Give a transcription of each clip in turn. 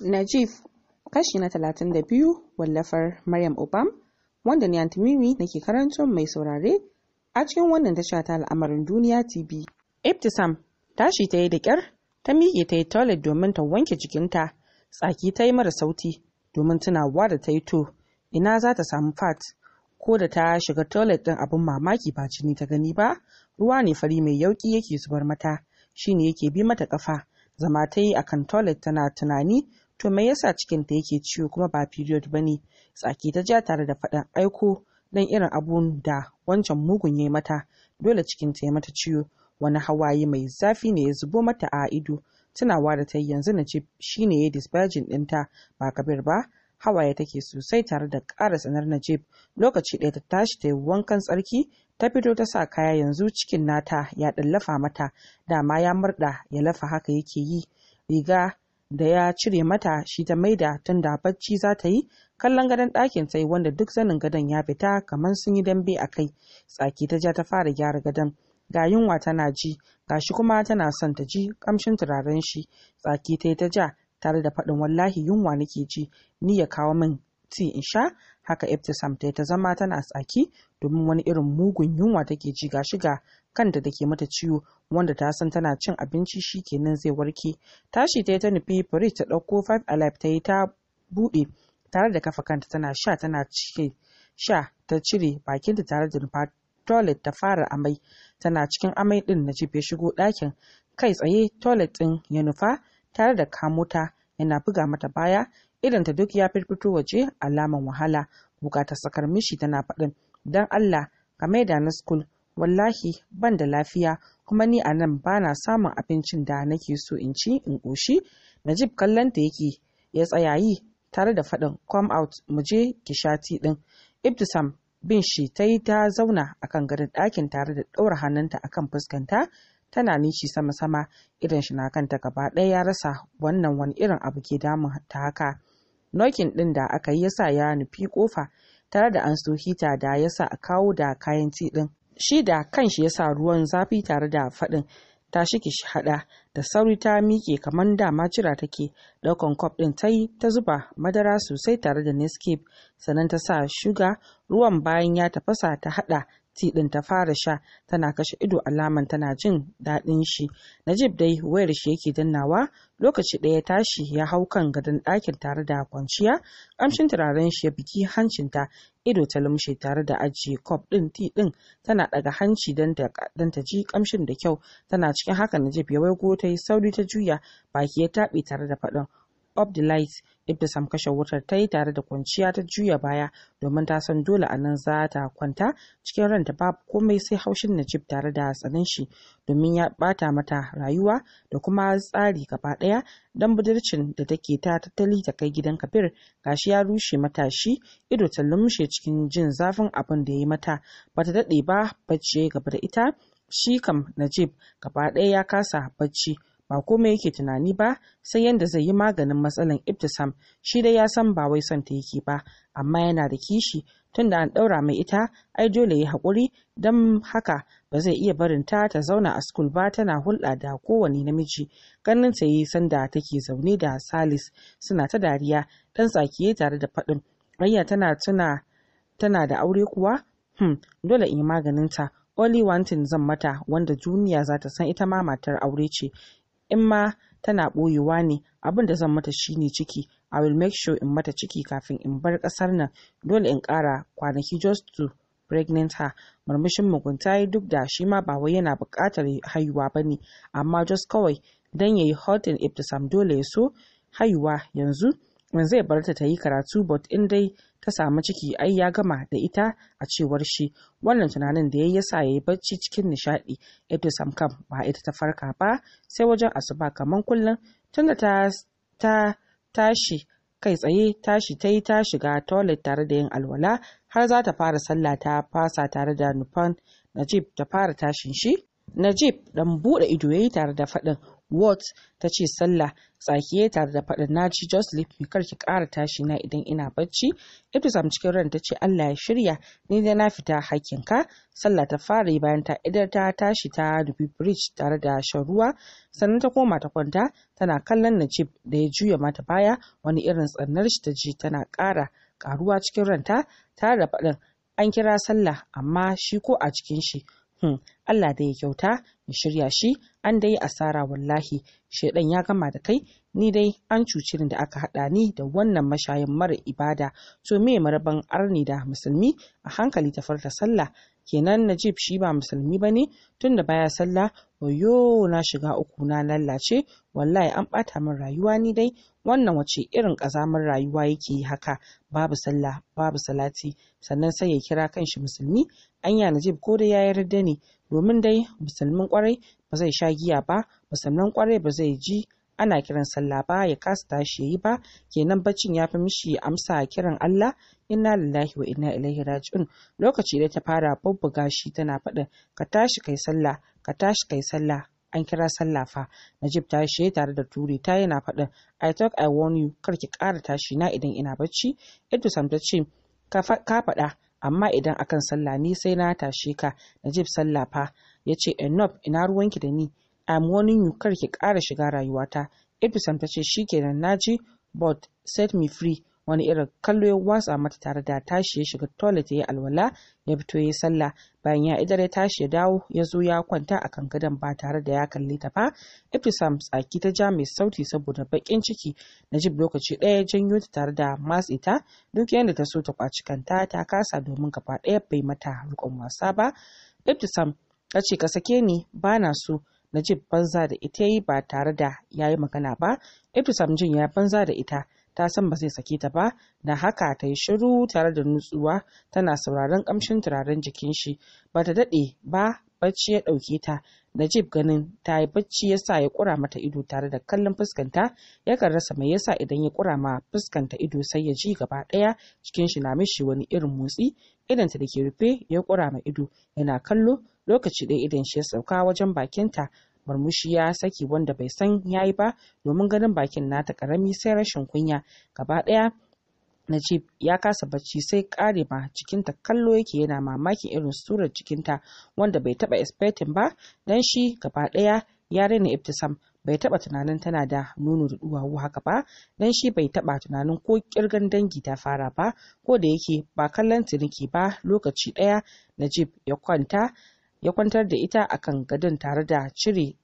Najif kashi na talatin da biyu wallafar Maryam Obam wanda ni Antimimi nake karanto mai saurare a cikin wannan tasha ta al'amarin duniya TV. Ibtisam tashi ta yi da kyar ta miƙe ta yi toilet domin ta wanke jikinta tsaki ta yi mara sauti domin tunawa da ta yi to ina za ta samu fat ko da ta shiga toilet ɗin abin mamaki ba jini ta gani ba ruwa ne fari mai yauƙi yake zubar mata shine yake bi mata ƙafa zama ta yi akan toilet tana tunani To me yasa ta yake ciwo kuma ba period bane Tsaki ta ja tare da faɗin aiko dan irin abun da wancan mugun yayi mata dole ta ya mata ciwo. Wani hawaye mai zafi ne ya zubo mata a ido. Tunawa da ta yanzu na ce shine ya disbajin ɗinta ba kabir ba. Hawaye take sosai tare da ƙara sanar Najib lokaci ɗaya ta tashi ta yi wankan tsarki ta fito ta sa kaya yanzu cikin nata ya ɗan lafa mata dama ya murɗa ya lafa haka yake yi riga da ya cire mata shi ta maida tunda bacci za ta yi kallon gadon ɗakin ta wanda duk zanin gadon ya fita kamar sun yi dambe a kai tsaki ta ja ta fara gyara gadon ga yunwa tana ji ga shi kuma tana son ta ji kamshin turaren shi tsaki ta ta ja tare da faɗin wallahi yunwa nake ji ni ya kawo min ti in sha haka ibtisam ta ta zama tana tsaki domin wani irin mugun yunwa take ji ga shiga kanta da ke mata ciwo wanda ta san tana cin abinci shi kenan zai warke tashi ta ta nufi firij ta dauko five alive ta yi ta bude tare da kafa kanta tana sha tana cike sha ta cire bakinta tare da nufa toilet ta fara amai tana cikin amai din na jibe shigo dakin kai tsaye toilet din ya nufa tare da kamota yana buga mata baya ta duk ya firfito waje alaman wahala bukatar sakar mishi tana faɗin don allah ka da na school wallahi ban da lafiya kuma ni a nan ba na samun abincin da nake so in ci in ƙoshi najib kallon ta yake ya tsayayi tare da faɗin come out mu je ki sha ɗin ibtisam bin shi ta yi ta zauna a kan garin ɗakin tare da ɗaura hannunta a kan fuskanta tana nishi sama-sama idan shi na kanta gaba ɗaya ya rasa wannan wani irin abu ke damun ta haka nokin ɗin da aka yi yasa ya nufi kofa tare da an so hita da sa a kawo da kayan ci ɗin shi da kan kanshi sa ruwan zafi tare da faɗin ta shiki shi hada da sauri ta miƙe kamar dama cira take ɗaukan kwaf ɗin ta yi ta zuba madara sosai tare da nescape sannan ta sa shuga ruwan bayan ya tafasa ta haɗa. tea ɗin ta fara sha tana kashe ido alaman tana jin daɗin shi najib dai wayar shi yake dannawa lokaci ɗaya tashi ya hau kan gadon ɗakin tare da kwanciya ƙamshin turaren shi ya biki hancinta ido ta lumshe tare da ajiye kwaf ɗin ti ɗin tana ɗaga hanci don ta ji ƙamshin da kyau tana cikin haka najib ya waigo ta yi sauri ta juya baki ya taɓe tare da faɗin up the light ibda sam kashe wutar ta yi tare da kwanciya ta juya baya domin ta san dole a nan za ta kwanta cikin ranta babu komai sai haushin najib tare da tsanin shi domin ya bata mata rayuwa da kuma tsari gaba daya dan budurcin da take ta tattali ta kai gidan kabir gashi ya rushe mata shi ido ta lumshe cikin jin zafin abin da ya yi mata bata daɗe ba bacci gaba da ita shi kam najib gaba ɗaya ya kasa bacci ba komai yake tunani ba sai yadda zai yi maganin matsalar ibtisam shi dai ya san ba wai son ta yake ba amma yana da kishi tunda an ɗaura mai ita ai dole ya haƙuri don haka ba zai iya barin ta ta zauna a skul ba tana hulɗa da kowane namiji ganin ta yi sanda take zaune da salis suna ta dariya ɗan tsakiye tare da faɗin rayya tana tuna tana da aure kuwa hmm, dole in yi maganin ta only zan mata wanda duniya za ta san ita ma matar aure ce in ma tana ɓoyewa ne abin da zan mata shine ciki i will make sure in mata ciki kafin in bar ƙasar nan dole in ƙara kwanaki just to pregnant her murmushin mugunta ya duk da shi ma ba wai yana buƙatar haihuwa ba ne amma just kawai don dan yayi hotin ibtisam dole ya so haihuwa yanzu in zai bar ta ta yi karatu but in dai ta samu ciki ai ya gama da ita a cewar shi wannan tunanin da ya yi yasa ya yi bacci cikin nishaɗi Ibtisam kam ba ita ta farka ba sai wajen asuba kamar kullum tunda ta ta tashi kai tsaye tashi ta yi ta shiga toilet tare da yin alwala har za ta fara sallah ta fasa tare da nufan Najib ta fara tashin shi Najib dan bude ido yayi tare da faɗin Ward ta ce sallah tsakiye tare da faɗin na ji just leave me kar ki ƙara tashi na idan ina bacci. Ibtisam cikin ran ta ce Allah ya shirya ni dai na fita ka Sallah ta fara yi bayan ta idar ta tashi ta dubi bridge tare da shan ruwa sannan ta koma ta kwanta tana kallon Najib da ya juya mata baya wani irin tsannar shi ta ji tana ƙara ƙaruwa cikin ranta tare da faɗin an kira sallah amma shi ko a cikin shi. Hmm, Allah da ya kyauta in shirya shi an dai asara wallahi shaidan ya gama da kai ni dai an cuci da aka haɗa ni da wannan mashayin mara ibada to me maraban arni da musulmi a hankali ta farta sallah kenan najib shi ba musulmi bane da baya sallah wayo na shiga uku na lallace wallahi an ɓata min rayuwa ni dai wannan wace irin ƙazamar rayuwa yake yi haka babu sallah babu salati sannan sai ya kira kan shi musulmi anya najib ko dai ya yarda ne domin dai musulmin ƙwarai ba zai sha giya ba musulmin ƙwarai ba zai ji ana kiran sallah ba ya kasa tashi ya yi ba kenan baccin ya fi mishi amsa kiran Allah inna lillahi wa inna ilaihi raji'un lokaci da ta fara bubbuga shi tana faɗin ka tashi kai sallah ka tashi kai sallah an kira sallah fa najib ta shi tare da Ture ta yana faɗin i talk i warn you kar ki ƙara tashi na idan ina bacci sam ta ce ka faɗa amma idan akan sallah ni sai na tashe ka najib sallah fa ya ce enough ina ruwanki da ni i'm warning you kar ki ƙara shiga rayuwata sam ta ce shikenan naji but set me free wani irin kallo ya watsa mata tare da tashi ya shiga toilet ya alwala ya fito ya sallah bayan ya idar ya tashi ya dawo ya zo ya kwanta a kan gadon ba tare da ya kalli ta ba Ibtisam tsaki ta ja mai sauti saboda bakin ciki na najib lokaci ɗaya janyo ta tare da matsi ta duk yadda ta so ta kwaci kanta ta kasa domin gaba ɗaya bai mata rikon wasa ba Ibtisam ta ce ka sake ni ba na so Najib banza da ita yi ba tare da ya yi magana ba, Ibtisam jin ya banza da ita ta san ba zai sake ta ba da haka ta yi shiru tare da nutsuwa tana sauraron kamshin turaren jikin shi ba ta daɗe ba bacci ya ɗauke ta Najib ganin ta yi bacci ya sa ya kura mata ido tare da kallon fuskanta yakan rasa mai yasa idan ya ƙura ma fuskanta ido sai ya ji gaba ɗaya cikin shi na mishi wani irin motsi idanta da ke rufe ya ƙura ma ido yana kallo lokaci ɗaya idan shi ya sauka wajen bakinta murmushi ya saki wanda bai san ya yi ba domin ganin bakin nata karami sai rashin kunya gaba ɗaya Najib ya kasa bacci sai kare ma cikinta kallo yake yana mamakin irin surar cikinta wanda bai taba expecting ba dan shi gaba ɗaya ya raina Ibtisam bai taba tunanin tana da nono da duwawu haka ba dan shi bai taba tunanin ko kirgan dangi ta fara ba ko da yake ba kallon tiriki ba lokaci Ɗaya Najib ya kwanta ya kwantar da ita a kan gadon tare da cire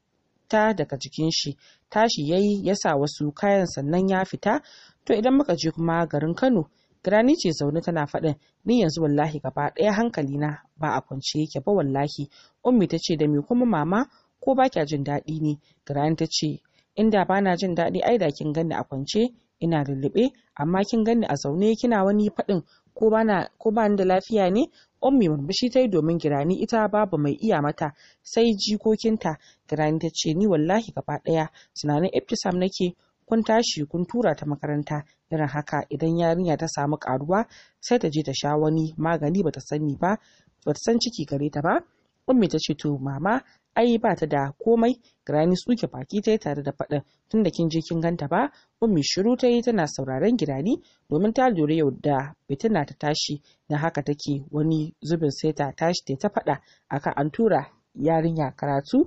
ta daga jikin shi tashi yayi ya sa wasu kayan sannan ya fita to idan muka je kuma garin Kano Girani ce zaune tana faɗin ni yanzu wallahi gaba ɗaya hankali na ba a kwance yake ba wallahi ummi ta ce da me kuma mama ko ba kya jin daɗi ne Girani ta ce inda ba na jin daɗi ai da kin gani a kwance ina lullube amma kin gani a zaune kina wani faɗin ko ba ni da lafiya ne Ummi murmushi ta yi domin Girani ita babu mai iya mata sai jikokinta. Girani ta ce ni wallahi gaba ɗaya tunanin iftisam nake kun tashi kun tura ta makaranta irin haka idan yarinya ta samu karuwa sai ta je ta sha wani magani bata sani ba bata san ciki gare ta ba. Ummi ta ce to mama ai ba ta da komai Granny suke baki ta yi tare da faɗin tun da kin je kin ganta ba ummi shiru ta yi tana sauraron Girani domin ta lura yau da fitina ta tashi na haka take wani zubin sai ta tashi ta faɗa akan an tura yarinya karatu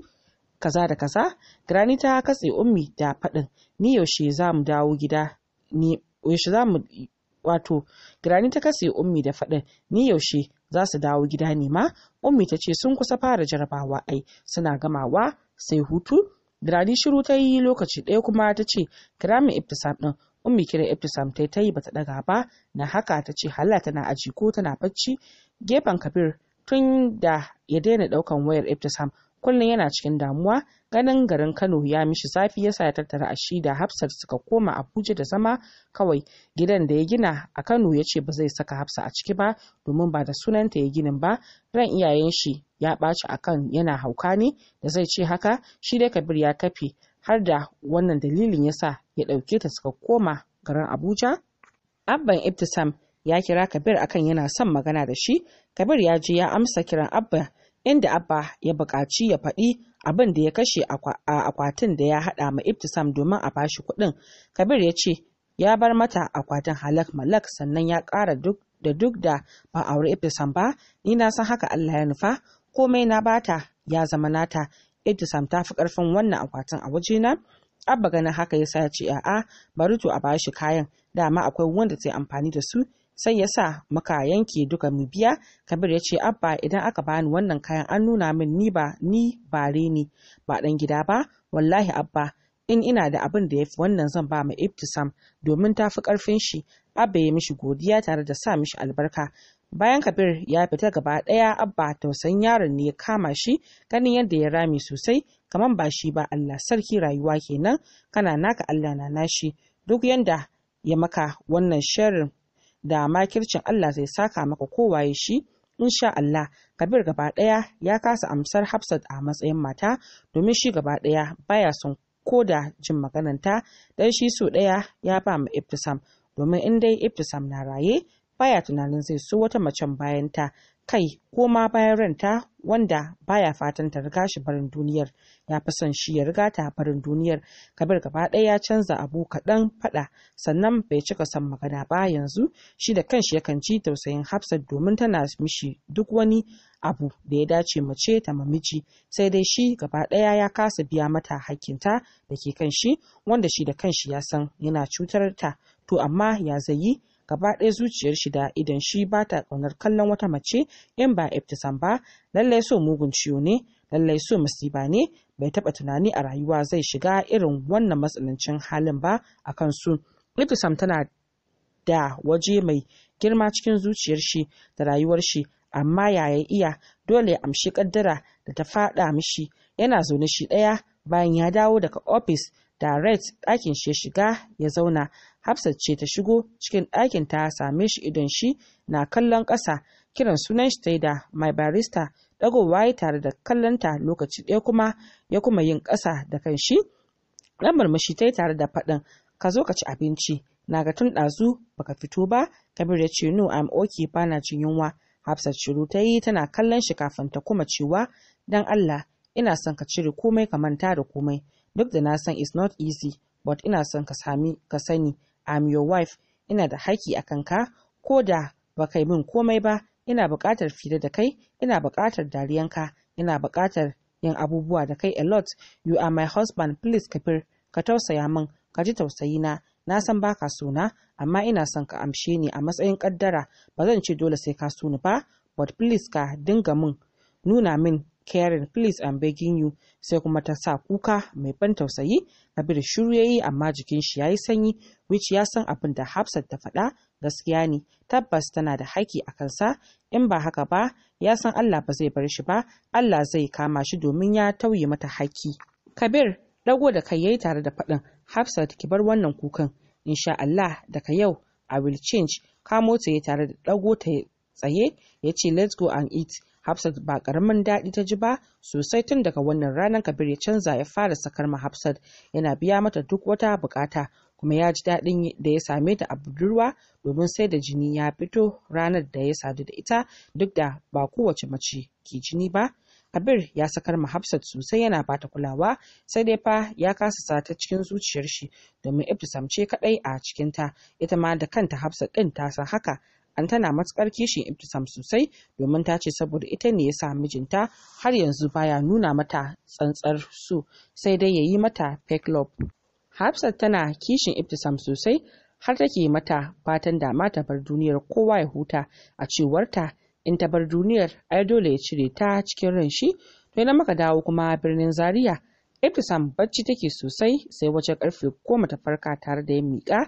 kaza da kaza Granny ta katse ummi da faɗin ni yaushe za mu dawo gida ni yaushe za mu wato ta katse ummi da faɗin ni yaushe za su dawo gida ne ma ummi ta ce sun kusa fara jarabawa ai suna gamawa sai hutu Grani shiru ta yi lokaci ɗaya kuma ta ce kira min iftisam ɗin ummi kira iftisam ta ta yi bata ɗaga ba na haka ta ce hala tana aji ko tana bacci gefen Kabir tun da ya daina ɗaukan wayar iftisam. kullum yana cikin damuwa ganin garin kano ya mishi zafi ya sa ya tattara a shi da hafsat suka koma abuja da zama kawai gidan da ya gina a kano ya ce ba zai saka hafsa a ciki ba domin ba da sunanta ya ginin ba ran iyayen shi ya ɓaci akan yana hauka ne da zai ce haka shi dai kabir ya kafe har da wannan dalilin ya sa ya ɗauke ta suka koma garin abuja abban ibtisam ya kira kabir akan yana son magana da shi kabir ya je ya amsa kiran abba inda Abba ya buƙaci ya faɗi abin da ya kashe a akwatin da ya haɗa ma Ibtisam domin a bashi kuɗin. Kabir ya ce ya bar mata akwatin halak malak sannan ya ƙara duk da duk da ba aure Ibtisam ba ni na san haka Allah ya nufa komai na bata ya zama nata Ibtisam ta fi ƙarfin wannan akwatin a wajena. Abba ganin haka ya sa ya ce a'a bari to a bashi kayan dama akwai wanda zai amfani da su sai ya sa muka yanke duka mu biya kabir ya ce abba idan aka bani wannan kayan an nuna min ni ba ni ba ni ba dan gida ba wallahi abba in ina da abin da ya fi wannan zan ba ma Iftisam. domin ta fi karfin shi abba ya mishi godiya tare da sa mishi albarka bayan kabir ya fita gaba daya abba tausayin yaron ne ya kama shi ganin yadda ya rami sosai kaman ba shi ba allah sarki rayuwa kenan kana naka allah na nashi duk yanda ya maka wannan sharrin da makircin Allah zai saka maka kowaye shi insha Allah Kabir gaba ɗaya ya kasa amsar Hafsat a matsayin mata domin shi gaba ɗaya baya son da jin magananta dan shi so ɗaya ya ba mu Iftisam domin in dai iftisam na raye baya tunanin zai so wata macen bayanta. kai ko ma bayan ranta wanda baya fatan ta riga shi barin duniyar ya fi son shi ya riga ta barin duniyar kabir gaba ɗaya ya canza abu kaɗan faɗa sannan bai cika son magana ba yanzu shi da kanshi yakan ci tausayin hafsat domin tana mishi duk wani abu da ya dace mace ta mamiji sai dai shi gaba ɗaya ya kasa biya mata hakkinta da ke kan shi wanda shi da kanshi ya san yana cutar ta to amma ya zai yi gaba ɗaya zuciyar shi da idan shi ba ta ƙaunar kallon wata mace in ba iftisan ba lallai so mugun ciwo ne lallai so musiba ne bai taɓa tunani a rayuwa zai shiga irin wannan matsanancin halin ba a su. iftisam tana da waje mai girma cikin zuciyar shi da rayuwar shi amma yaya iya dole ya amshi kaddara da ta faɗa mishi yana zaune shi ɗaya bayan ya dawo daga ofis Direct ɗakin shi ya shiga ya zauna. Hafsat ce ta shigo cikin ɗakin ta same shi idon shi na kallon ƙasa. Kiran sunan shi ta yi da My Barista ɗagowa ya tare da kallonta lokaci ɗaya kuma ya kuma yin ƙasa da kan shi. Ɗan murmushi ta tare da faɗin ka zo ka ci abinci. Na ga tun ɗazu baka fito ba Kabir ya ce no I'm okay na jin yunwa. Hafsat shiru ta yi tana kallon shi kafin ta kuma cewa dan Allah ina son ka cire komai ka manta da komai Duk da na san it's not easy, but ina son ka sami ka sani I'm your wife, ina da haƙƙi a kanka ko da ba kai min komai ba, ina buƙatar fira da kai, ina buƙatar dariyanka, ina buƙatar yin abubuwa da kai a lot. You are my husband, please kafir, ka tausaya min, ka ji tausayi na, na san baka suna, amma ina son ka amshe ni a matsayin kaddara, ba zan ce dole sai ka suni ba, but please ka dinga min nuna min Karen please I'm begging you sai kuma ta sa kuka mai ban tausayi da shiru yayi amma jikin shi yayi sanyi which ya san abin da Hafsat ta faɗa gaskiya ne tabbas tana da haƙi a kansa in ba haka ba ya san Allah ba zai bar shi ba Allah zai kama shi domin ya tauye mata haƙi Kabir dago da kai yayi tare da faɗin Hafsat ki bar wannan kukan insha Allah daga yau I will change kamo ta yayi tare da dago ta tsaye ya ce let's go and eat Hafsat ba karamin daɗi ta ji ba sosai tun daga wannan ranar Kabir ya canza ya fara sakar ma Hafsat yana biya mata duk wata bukata kuma ya ji daɗin da ya same ta a budurwa domin sai da jini ya fito ranar da ya sadu da ita duk da ba kowace mace ke jini ba. Kabir ya sakar ma Hafsat sosai yana bata kulawa sai dai fa ya kasa sata cikin zuciyar shi domin Ibtisam ce kadai a cikin ta ita ma da kanta Hafsat din ta san haka an tana matukar kishin Ibtisam sosai domin ta ce saboda ita ne ya sa mijinta har yanzu baya nuna mata tsantsar su sai dai ya yi mata fake love. Hafsat tana kishin Ibtisam sosai har take mata fatan da ma ta bar duniyar kowa ya huta a cewarta in ta bar duniyar ai dole ya cire ta cikin ran shi to idan muka dawo kuma birnin Zaria Ibtisam bacci take sosai sai wajen karfe goma ta farka tare da yin miƙa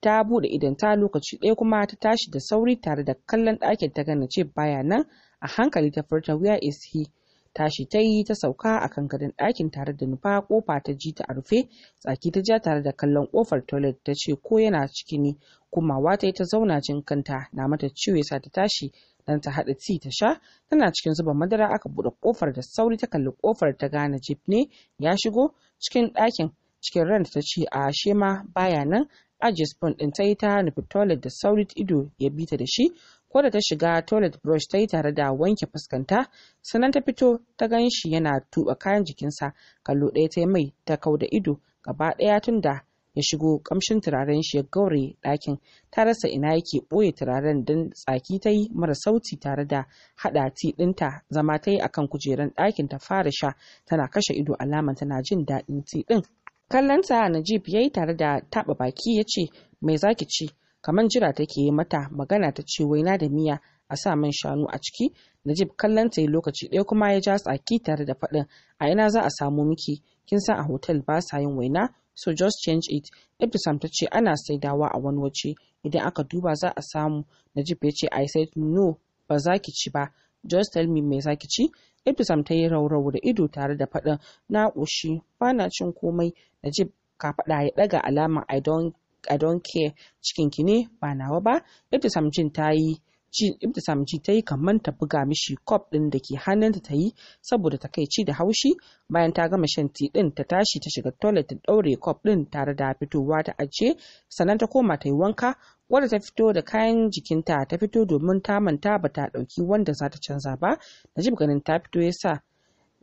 ta bude idan ta lokaci ɗaya kuma ta tashi da sauri tare da kallon ɗakin ta gane ce baya nan a hankali ta furta wuya is he tashi ta yi ta sauka a kan gadon ɗakin tare da nufa kofa ta ji ta a rufe tsaki ta ja tare da kallon kofar toilet ta ce ko yana ciki ne kuma wata ta zauna jin kanta na mata ciwo yasa ta tashi dan ta haɗa ci ta sha tana cikin zuba madara aka buɗe kofar da sauri ta kalli kofar ta gane jeep ne ya shigo cikin ɗakin cikin ran ta ce a shema baya nan ajiye spoon ɗin ta yi ta nufi toilet da saurit ido ya bi ta da shi ko da ta shiga toilet brush ta yi tare da wanke fuskanta sannan ta fito ta gan shi yana tuba kayan jikinsa kallo ɗaya ta yi mai ta kau da ido gaba ɗaya tun da ya shigo kamshin turaren shi ya gaure ɗakin ta rasa ina yake ɓoye turaren don tsaki ta yi mara sauti tare da haɗa ti ɗinta zama ta yi akan kujeran ɗakin ta fara sha tana kashe ido alaman tana jin daɗin ti ɗin kallonta najib ya yi tare da taɓa baki ya ce mai zaki ci kamar jira take yi mata magana ta ce waina da miya a sa man shanu a ciki najib kallon ta yi lokaci ɗaya kuma ya ja tsaki tare da faɗin a ina za a samu miki kin san a hotel ba sa yin waina so just change it ibtisam ta ce ana saidawa a wani waje idan aka duba za a samu najib ya ce i said no ba za ki ci ba Just tell mai me zaki ci? Ibtisam ta yi raurau da ido tare da faɗin na ƙoshi bana cin komai na ji kafaɗa ya ɗaga alama I don't, I don't care cikinki ne ba nawa ba Ibtisam jin ta yi jin ibtisam ci ta yi kamar ta buga mishi kop ɗin da ke hannun ta ta yi saboda ta kai ci da haushi bayan ta gama shan ti ɗin ta tashi ta shiga toilet ta ɗaure kop ɗin tare da fitowa ta ajiye sannan ta koma ta yi wanka wadda ta fito da kayan jikinta ta fito domin ta manta ba ta dauki wanda za ta canza ba najib ganin ta fito ya sa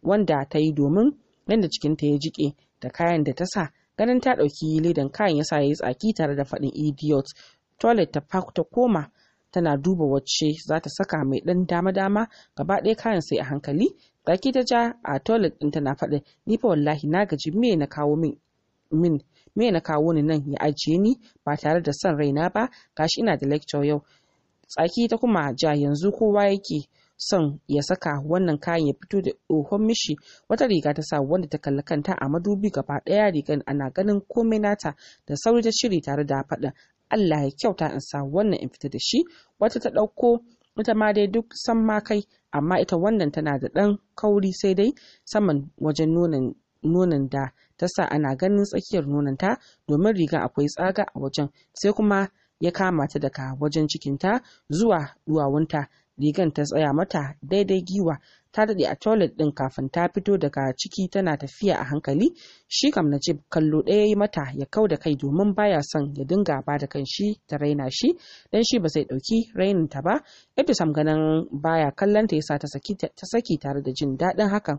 wanda ta yi domin yadda cikinta ya jike da kayan da ta sa ganin ta ɗauki ledan kayan ya sa ya yi tsaki tare da faɗin idiot toilet ta koma tana duba wacce za ta saka mai ɗan dama-dama gaba ɗaya kayan sai a hankali baki ta ja a toilet ɗin tana faɗin ni fa wallahi na gaji me na kawo min min me na kawo ni nan ya ajiye ni ba tare da son raina ba gashi ina da lecture yau tsaki ta kuma ja yanzu kowa yake son ya saka wannan kayan ya fito da tsohon mishi wata riga ta sa wanda ta kalli kanta a madubi gaba ɗaya rigan ana ganin komai nata da sauri ta shiri tare da faɗin Allah ya kyauta in sa wannan in fita da shi wata ta ɗauko ita ma dai duk san ma kai amma ita wannan tana da ɗan kauri sai dai saman wajen nonon da ta sa ana ganin tsakiyar nonon ta domin riga akwai tsaga a wajen sai kuma ya kama ta daga wajen cikinta zuwa duwawunta rigan ta tsaya mata daidai giwa ta daɗe a toilet ɗin kafin ta fito daga ciki tana tafiya a hankali shi kam na ce kallo ɗaya yi mata ya kau da kai domin baya son ya dinga ba da kanshi ta raina shi dan shi ba zai ɗauki rainin ta ba ibtisam ganin baya kallon ta yasa ta saki tare da jin daɗin hakan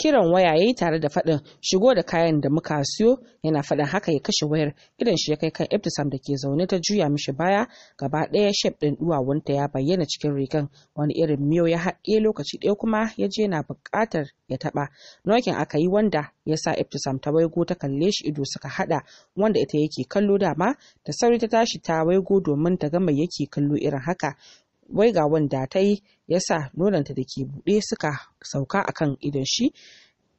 kiran waya yayi tare da faɗin shigo da kayan da muka siyo yana faɗin haka ya kashe wayar idan shi ya kai kan Ibtisam da ke zaune ta juya mishi baya gaba ɗaya shef ɗin duwawunta ya bayyana cikin rigan wani irin miyo ya haɗe lokaci ɗaya kuma ya je na buƙatar ya taɓa nokin aka yi wanda ya sa Ibtisam ta waigo ta kalle shi ido suka haɗa wanda ita yake kallo dama da sauri ta tashi ta waigo domin ta ga mai yake kallo irin haka wai ga wanda ta yi yasa nonanta da ke buɗe suka sauka akan idon shi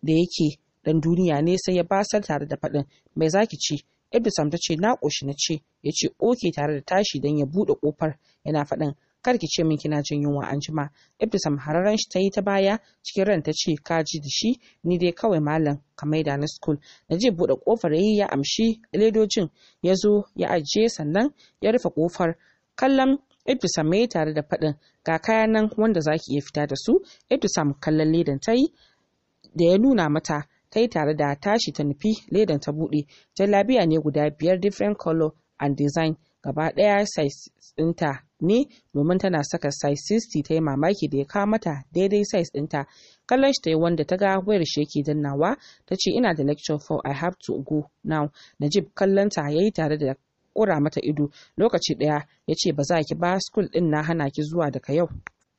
da yake dan duniya ne sai ya basar tare da faɗin mai zaki ce ibisam ta ce na ƙoshi na ce ya ce oke tare da tashi don ya buɗe ƙofar yana faɗin kar ki ce min kina jin yunwa an jima ibtisam hararan shi ta yi ta baya cikin ran ta ce ka ji da shi ni dai kawai malam ka maida na school na je buɗe ƙofar yayi ya amshi ledojin ya zo ya ajiye sannan ya rufe ƙofar kallon Ibtisam ya tare da faɗin ga kaya nan wanda za ki iya fita da su. Ibtisam kallon ledan ta yi da ya nuna mata ta yi tare da tashi ta nufi ledan ta buɗe. Jallabiya ne guda biyar different color and design gaba ɗaya size ɗinta ne domin tana saka size 60 ta yi mamaki da ya kawo mata daidai size ɗinta kallon shi ta yi wanda ta ga wayar shi yake dannawa ta ce ina da lecture for i have to go now najib kallon ta ya yi tare da kura mata ido lokaci ɗaya ya ce ba za ki ba skul din na hana ki zuwa daga yau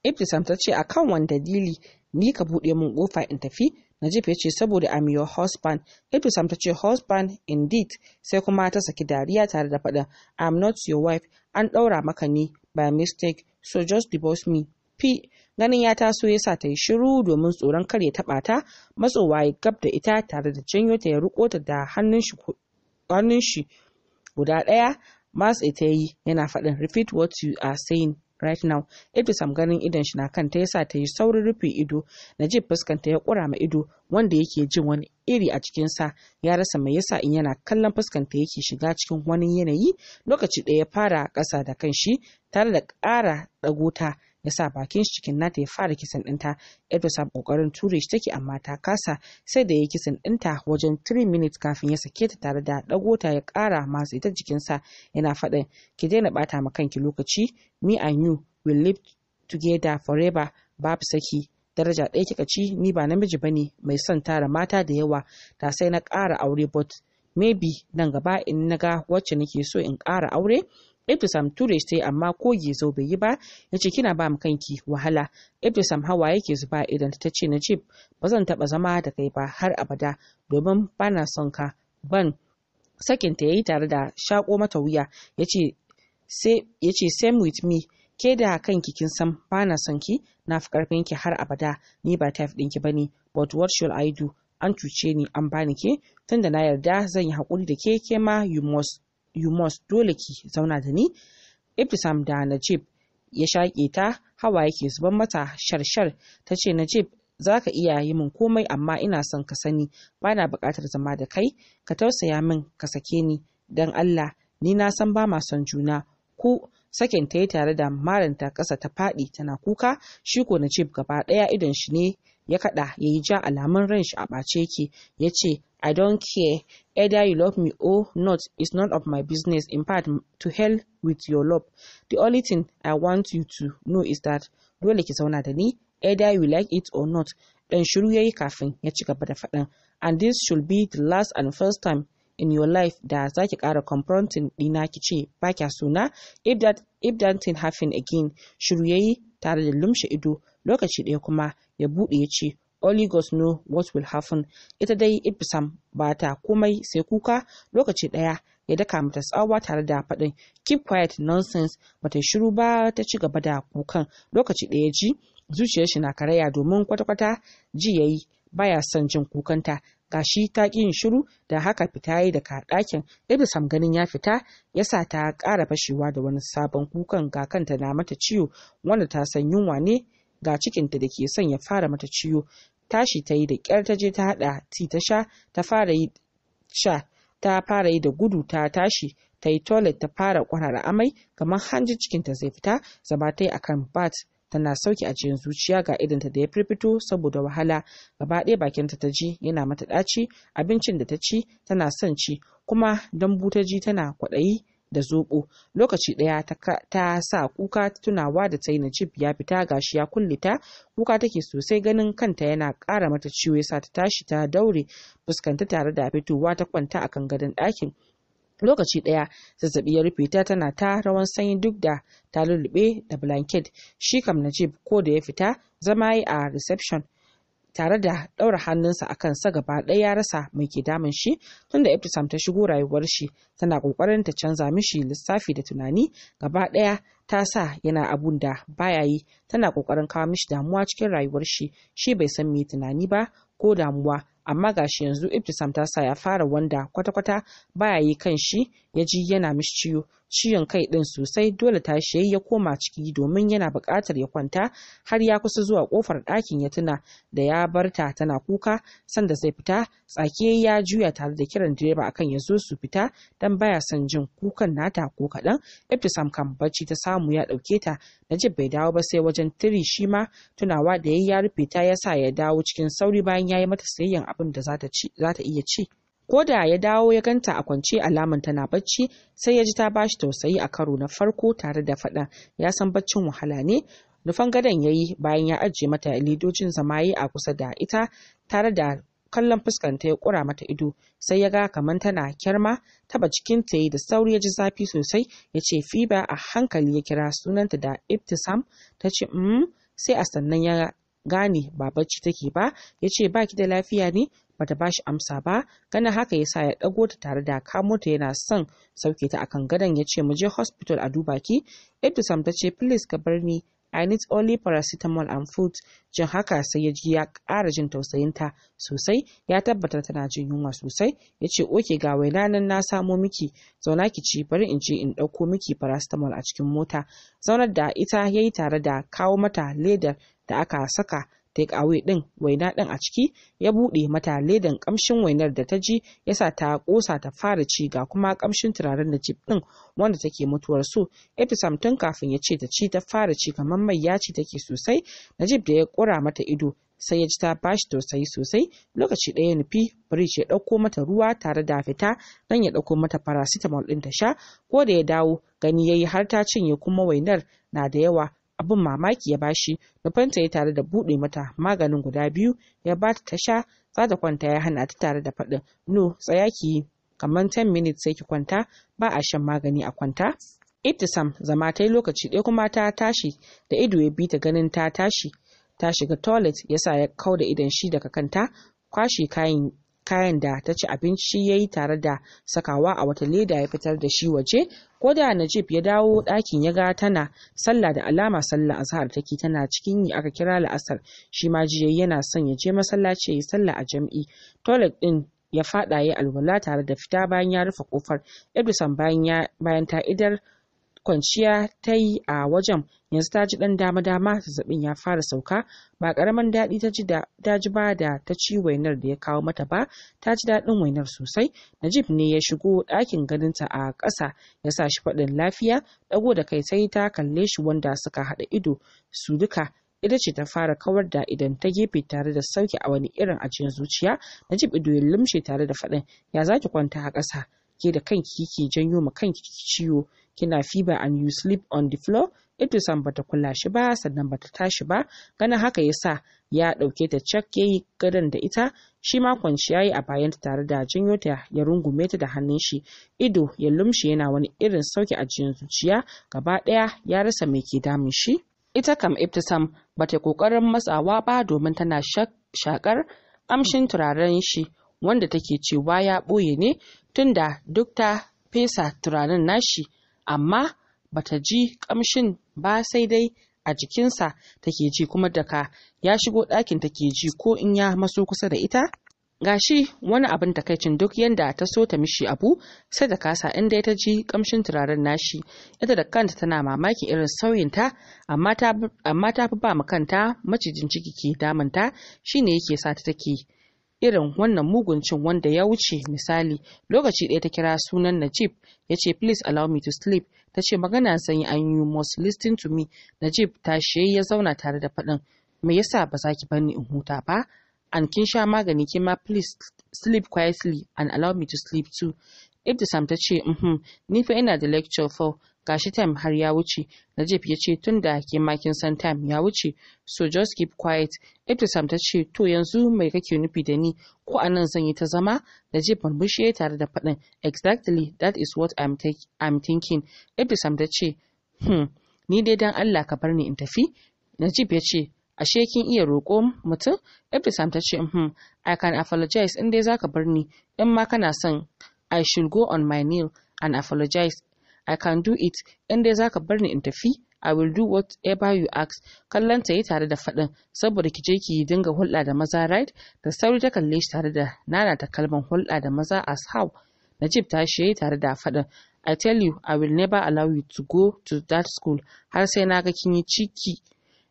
ibtisam ta ce a kan wani dalili ni ka buɗe min ƙofa in tafi Najib ya ce saboda I'm your husband. Ibtisam ta ce husband indeed sai kuma ta saki dariya tare da faɗin I'm not your wife an ɗaura maka ni by mistake so just divorce me. P ganin ya taso ya sa ta yi shiru domin tsoron kar ya taɓa ta matsowa ya gab da ita tare da janyo ta ya rikota ta da hannun shi guda ɗaya matse ta yi yana faɗin repeat what you are saying right now ibtisam ganin idon shi na kan ta yasa ta yi saurin rufe ido najib fuskanta ya kura ma ido wanda yake jin wani iri a cikinsa ya rasa mai yasa in yana kallon fuskanta yake shiga cikin wani yanayi lokaci ɗaya ya fara ƙasa da kanshi tare da ƙara ɗagota ya sa bakin shi cikin nata ya fara kisan ɗinta edward kokarin ture shi take amma ta kasa sai da ya kisan dinta wajen 3 minutes kafin ya sake ta tare da ɗago ta ya kara masu ita jikin sa yana faɗa ki daina bata ma kanki lokaci me and you will live together forever babu saki daraja ɗaya kika ci ni ba namiji bane mai son tara mata da yawa ta sai na ƙara aure but maybe nan gaba in na ga wacce nake so in ƙara aure Ibtisam ture shi amma ko gizo bai yi ba ya ce kina ba kanki wahala. Ibtisam hawa yake zuba idan ta ce na Najib ba zan taɓa zama da kai ba har abada domin bana na son ka ban ta ya yi tare da shako mata wuya ya ce same with me ke da kanki kin san bana na son ki na fi karfin ki har abada ni ba type ɗinki ba ne but what should I do an cuce ni an bani ke tunda na yarda zan yi haƙuri da ke ke ma you must you must dole ki zauna da ni ibtisam da najib ya shaƙe ta hawa yake zuban mata sharshar ta ce najib za ka iya yi min komai amma ina son ka sani ba na buƙatar zama da kai ka tausaya min ka sake ni don allah ni na san ba ma son juna ku sakin ta yi tare da maranta ƙasa ta faɗi tana kuka shi ko najib gaba ɗaya idon shi ne ya kada ya yi ja alamun ran shi a ɓace yake ya ce i don't care either you love me or not it's none of my business in fact to hell with your love the only thing i want you to know is that dole ki zauna da ni either you like it or not dan shiru yayi kafin ya ci gaba da faɗan and this should be the last and first time in your life da zaki ki ƙara confronting ɗina ki ba kya suna if that if that thing happen again shiru yayi tare da lumshe ido lokaci ɗaya kuma ya buɗe ya ce only God know what will happen ita dai ibsam ba ta komai sai kuka lokaci ɗaya ya daka mata tsawa tare da faɗin keep quiet nonsense bata shiru ba ta ci gaba da kukan lokaci ɗaya ji zuciyar shi na karaya domin kwata-kwata ji yayi baya son jin kukanta gashi ta ƙi yin shiru da haka fita yi daga ɗakin sam ganin ya fita ya sa ta ƙara fashewa da wani sabon kukan ga kanta na mata ciwo wanda ta san yunwa ne ga cikinta da ke son ya fara mata ciwo tashi ta yi da ƙyar ta je ta haɗa ti ta sha ta fara yi sha ta fara yi da gudu ta tashi ta yi toilet ta fara ƙwarara amai kamar hanjin cikinta zai fita zama ta yi akan bat tana sauki a cikin zuciya ga idanta da ya firfito saboda wahala gaba ɗaya bakinta ta ji yana mata ɗaci abincin da ta ci tana son ci kuma dambu buta ji tana kwaɗayi da zoɓo lokaci ɗaya ta sa kuka tunawa da ta yi najib ya fita gashi ya kulle ta kuka take sosai ganin kanta yana ƙara mata ciwo ya sa ta tashi ta daure fuskanta tare da fitowa ta kwanta akan gadon ɗakin lokaci ɗaya zazzabi ya rufe ta tana ta rawan sanyi duk da ta lulluɓe da blanket shi kam na najib ko da ya fita zama yi a reception tare da ɗaura hannunsa a kansa gaba ɗaya ya rasa mai ke damun shi tunda Ibtisam ta shigo rayuwar shi tana ƙoƙarin ta canza mishi lissafi da tunani gaba ɗaya ta sa yana abun da baya yi tana ƙoƙarin kawo mishi damuwa cikin rayuwar shi shi bai san me tunani ba ko damuwa amma gashi yanzu ibtisam ta ya fara wanda kwata-kwata baya yi kan shi ya ji yana mishi ciwo ciwon kai ɗin sosai dole tashi yayi ya koma ciki domin yana buƙatar ya kwanta har ya kusa zuwa ƙofar ɗakin ya tuna da ya barta tana kuka sanda zai fita tsake ya juya tare da kiran direba akan ya zo su fita dan baya son jin kukan nata ko kaɗan Ibtisam kan bacci ta samu ya ɗauke ta Najib bai dawo ba sai wajen tiri shi ma tunawa da yayi ya rufe ta yasa ya dawo cikin sauri bayan ya yi mata sayayyan abin da za ta iya ci. ko da ya dawo ya ganta a kwance alaman tana bacci sai ya ji ta bashi tausayi a karo na farko tare da faɗa ya san baccin wahala ne nufan gadon ya yi bayan ya ajiye mata ledojin zamaye a kusa da ita tare da kallon fuskanta ya kura mata ido sai ya ga kamar tana kyarma taba cikin ta yi da sauri ya ji zafi sosai ya ce fiba a hankali ya kira sunanta da ibtisam ta ce mm sai a sannan ya gane ba bacci take ba ya ce ba ki da lafiya ne bata ba shi amsa ba ganin haka yasa ya ɗago ta tare da kamo ta yana son sauke ta akan gadon ya ce mu je hospital a duba ki ibtisam ta ce please ka bar ni I need only paracetamol and food. Jin haka sai ya ji ya ƙara jin tausayinta sosai, ya tabbatar tana jin yunwa sosai, ya ce oke ga waina nan na samo miki, zauna ki ci bari in je in ɗauko miki paracetamol a cikin mota. Zaunar da ita ya yi tare da kawo mata ledar da aka saka takeaway din waina din a ciki ya buɗe mata ledan kamshin wainar da ta ji ya sa ta kosa ta fara ci ga kuma kamshin turaren da jib din wanda take mutuwar su episam tun kafin ya ce ta ci ta fara ci kamar mai ya ci take sosai Najib da ya kura mata ido sai ya ji ta bashi tausayi sosai lokaci ɗaya nufi Bridge ya ɗauko mata ruwa tare da fita don ya ɗauko mata paracetamol ɗin ta sha ko da ya dawo gani yayi har ta cinye kuma wainar na da yawa abin mamaki ya bashi gaban ta ya tare da buɗe mata maganin guda biyu ya ba ta sha za ta kwanta ya hana ta tare da faɗin no tsaya ki yi, kamar 10 minutes sai ki kwanta ba a shan magani a kwanta ibtisam zama ta yi lokaci ɗaya kuma ta tashi da ido ya bi ta ganin ta tashi ta shiga toilet ya sa ya kau da idon shi daga kanta kwashe kayan kayan da ta ci abinci ya yi tare da sakawa a wata leda ya fitar da shi waje ko da najib ya dawo ɗakin ya ga tana sallah da alama sallah a azhar take tana cikin yi aka kira la'asar shi ma jiya yana son ya je masallaci ya yi sallah a jam'i toilet din ya faɗa ya alwala tare da fita bayan ya rufe kofar ibrisan bayan ta idar kwanciya ta yi a wajen yanzu ta ji ɗan dama-dama zazzabin ya fara sauka ba ƙaramin daɗi ta ji ba da ta ci wainar da ya kawo mata ba ta ji daɗin wainar sosai najib ne ya shigo ɗakin ganinta a ƙasa ya sa shi faɗin lafiya ɗago da kai sai ta kalle shi wanda suka haɗa ido su duka ita ce ta fara kawar da idan ta gefe tare da sauke a wani irin ajiyar zuciya najib ido ya lumshe tare da faɗin ya zaki kwanta a ƙasa ke da kanki ke janyo ma kanki ciwo kina fever and you sleep on the floor san bata kula shi ba sannan bata tashi ba ganin haka ya sa ya dauke ta cak yayi gadon da ita shi ma kwanciya yi a bayanta tare da janyo ta ya rungume ta da hannun shi ido ya lumshe yana wani irin sauki a jin zuciya gaba daya ya rasa me ke damun shi ita kam iftisam bata kokarin matsawa ba domin tana shakar amshin turaren shi wanda take cewa ya ɓoye ne tunda duk ta fesa turaren nashi amma bata ji kamshin ba sai dai a jikinsa take ji kuma daga ya shigo ɗakin take ji ko in ya maso kusa da ita gashi wani abin takaicin duk yanda ta so ta mishi abu sai da kasa inda ta ji kamshin turaren nashi ita da kanta tana mamakin irin sauyin ta amma ta fi ba ma kanta macijin ciki ke damunta shine yake sa ta take irin wannan muguncin wanda ya wuce misali lokaci ɗaya ta kira sunan najib ya ce please allow me to sleep ta ce magana sanyi an yi must listen to me najib ta shi ya zauna tare da faɗin me yasa ba za ki bani in huta ba an kin sha magani kima, ma please sleep quietly and allow me to sleep too Ibtisam ta ce, "Mhm, ni fa ina da lecture for gashi time har ya wuce Najib ya ce da ke makin san time ya wuce so just keep quiet Ibtisam ta ce to yanzu mai kake nufi da ni ko a nan zan yi ta zama Najib murmushi tare da faɗin exactly that is what I'm, I'm thinking Ibtisam ta ce hmm ni dai dan Allah ka bar ni in tafi Najib ya ce ashe kin iya roƙo mutum Ibtisam ta ce hmm I can apologize in dai zaka bar ni in ma kana son I should go on my knee and apologize I can do it, in dai zaka bar ni in tafi, I will do whatever you ask. Kallon ta yi tare da faɗin, saboda ki je ki dinga hulɗa da maza right? Da sauri ta kalle shi tare da nana ta kalmar hulɗa da maza as how. Najib ta shi yi tare da faɗin, I tell you, I will never allow you to go to that school har sai na ga kin yi ciki.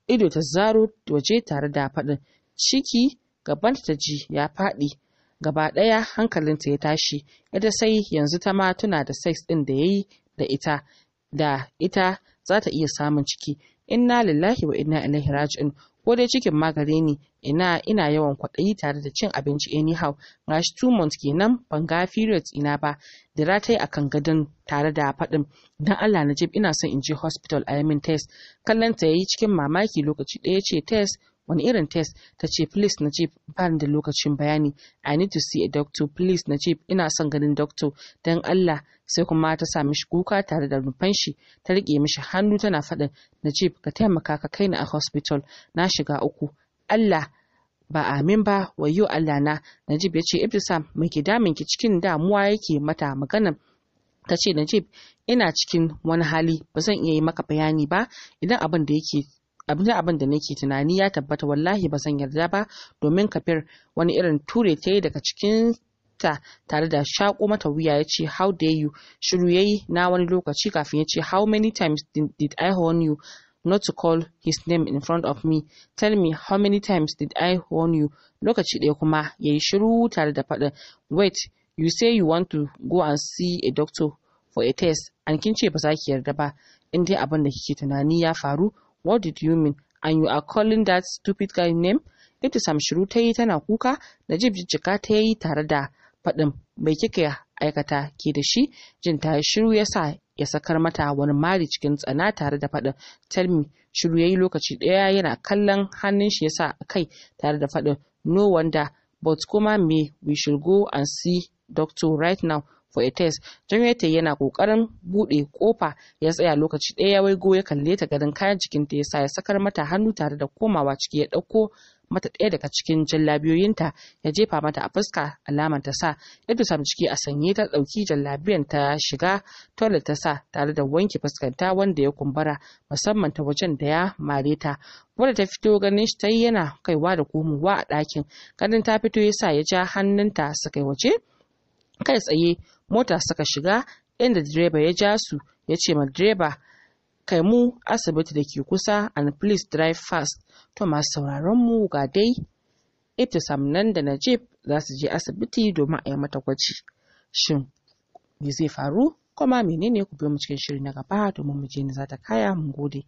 Ido ta zaro waje tare da faɗin, ciki gaban ta ji ya faɗi. Gaba ɗaya hankalinta ya tashi, ita sai yanzu ta ma tuna da sex ɗin da ya yi da ita da ita za ta iya samun ciki inna lillahi wa inna ilaihi raji'un ko dai cikin magare ne ina ina yawan kwaɗayi tare da cin abinci anyhow gashi two months kenan ban ga periods ina ba da ratai a kan gadon tare da faɗin dan Allah na ina son in je hospital a yamin test kallon ta yayi cikin mamaki lokaci ɗaya ce test wani irin test ta ce please najib fara da lokacin bayani i need to see a doctor please najib ina son ganin doctor don allah sai kuma ta sa mishi kuka tare da rumfan shi ta rike mishi hannu tana faɗin najib ka taimaka ka kai ni a hospital na shiga uku allah ba amin ba wayo allah na najib ya ce ibtisam mai ke damin ki cikin damuwa yake mata magana." ta ce najib ina cikin wani hali ba zan iya yi maka bayani ba idan abin da yake abin abin da nake tunani ya tabbata wallahi ba zan yarda ba domin kafir wani irin ture ta yi daga cikin ta tare da shaƙo mata wuya ya ce how dare you shiru ya yi na wani lokaci kafin ya ce how many times did I warn you not to call his name in front of me tell me how many times did I warn you lokaci ɗaya kuma ya yi shiru tare da faɗin wait you say you want to go and see a doctor for a test an kin ce ba za ki yarda ba in dai abin da kike tunani ya faru What did you mean? And you are calling that stupid guy name? Ibtisam shiru ta yi tana kuka, Najib jijjika ta yi tare da faɗin mai kika aikata ke da shi, jin ta shiru ya sa ya sakar mata wani mari cikin tsana tare da faɗin me, shiru ya yi lokaci ɗaya yana kallon hannun shi ya sa kai tare da faɗin no wonder but kuma me we should go and see doctor right now Fuentes Jamiete yana kokarin buɗe ƙofa ya tsaya lokaci ɗaya ya waigo ya kalle ta garin kayan cikinta ya sa ya sakar mata hannu tare da komawa ciki ya ɗauko mata ɗaya daga cikin jallabiyoyinta ya jefa mata a fuska alamar ta sa yadda samu ciki a sanye ta ɗauki jallabiyan ta shiga toilet ta sa tare da wanke fuskanta wanda ya kumbara musamman ta wajen da ya mare ta wanda ta fito ganin shi ta yi yana kaiwa da komowa a ɗakin ganin ta fito ya sa ya ja hannunta su kai waje kai tsaye mota suka shiga inda direba ya ja su ya ce ma direba kai mu asibiti da ke kusa and please drive fast to masu sauraron mu ga dai ita nan da Najib za su je asibiti domin a yi mata gwaji shin me zai faru kuma menene ku biyo mu cikin shiri na gaba domin mu je ni za ta kaya mu gode